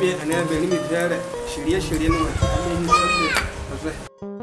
بأنا بنمي بدارة شريه شريه نوع عليه نسلم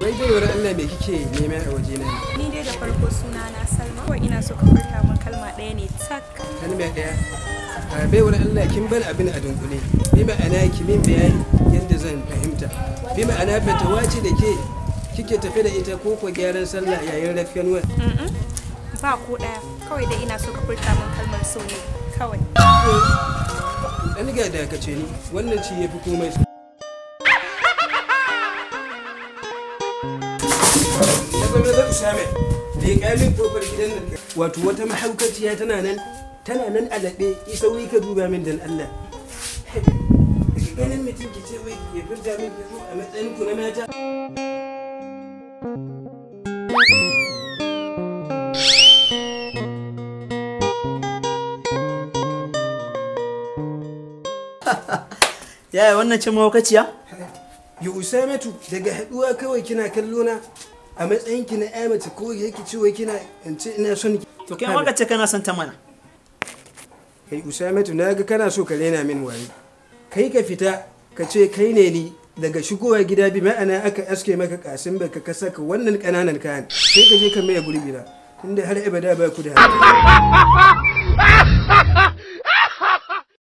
Wai dai wurin Allah me kike nema a waje na? Ni dai da farko suna na kawai ina so ka furta min kalma ɗaya ne tak kalma ɗaya a wani Allah kin bar abin a dunkule bi ma'ana ki min bayani yadda zan fahimta bi ma'ana fata wace da ke kike tafe da ita ko ko gyaran sallah yayin rafiyan wa ba ko ɗaya kawai dai ina so ka furta min kalmar so ne kawai dan ga da ka ce ni wannan ci yafi komai Ya zama zan leƙa min kofar gidan nan wato wata mahaukaciya tana nan tana nan a laɓe isa wai ka duba min dan Allah ganin mutum ki ce wai ya furta min a matsayin ku na mata Yaya wannan cin mahaukaciya? Ya Usamatu daga haɗuwa kawai kina kallo na a matsayin ki na ya mace ko yake cewa kina in ce ina son ki to kai ma ce kana son ta mana kai usamatu na ga kana so ka rena min waye kai ka fita ka ce kai ne ni daga shigowa gida bi ma'ana aka aske maka kasin baka ka saka wannan kananan kayan sai ka je ka maye gurbi na inda har ibada ba ku da